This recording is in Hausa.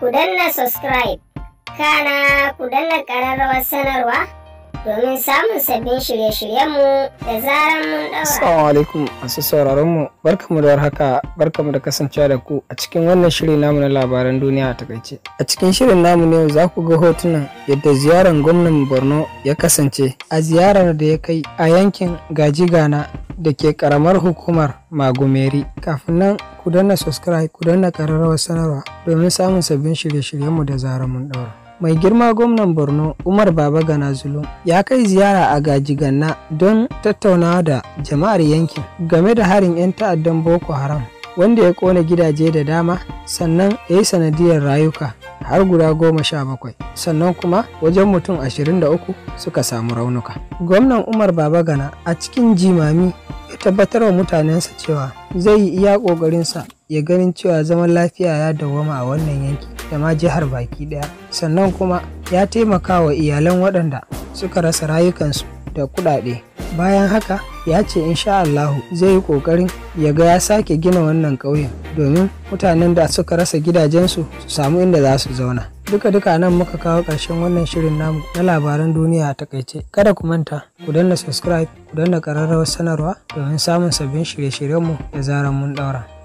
ku danna subscribe kana ku danna ƙararrawar sanarwa domin samun sabbin shirye-shiryenmu da zarar mun ɗaura. Assalamu alaikum masu mu barkamu da warhaka barkamu da kasancewa da ku a cikin wannan shiri namu na labaran duniya a takaice. A cikin shirin namu ne za ku ga hotunan yadda ziyaran gwamnan Borno ya kasance a ziyarar da ya kai a yankin Gajigana da ke karamar hukumar Magumeri kafin nan ku danna subscribe ku danna ƙararrawar sanarwa domin samun sabbin shirye-shiryenmu da zarar mun daura. Mai girma gwamnan Borno Umar Baba Gana Zulum ya kai ziyara a Gajiganna don tattaunawa da jama'ar yankin game da harin 'yan ta'addan Boko Haram wanda ya kone gidaje da dama sannan ya yi sanadiyar rayuka har guda goma sha bakwai sannan kuma wajen mutum ashirin da uku suka samu raunuka gwamnan umar baba gana a cikin jimami ya tabbatar wa mutanensa cewa zai yi iya ƙoƙarinsa ya ganin cewa zaman lafiya ya dawwama a wannan yanki da ma jihar baki ɗaya sannan kuma ya taimaka wa iyalan waɗanda suka rasa rayukansu da kuɗaɗe bayan haka ya ce insha Allahu zai yi ƙoƙarin ya ga ya sake gina wannan ƙauyen domin mutanen da suka rasa gidajensu su samu inda za su zauna. Duka duka nan muka kawo ƙarshen wannan shirin namu na labaran duniya a takaice. Kada ku manta ku danna subscribe ku danna ƙararrawar sanarwa domin samun sabbin shirye-shiryenmu da zarar mun ɗaura.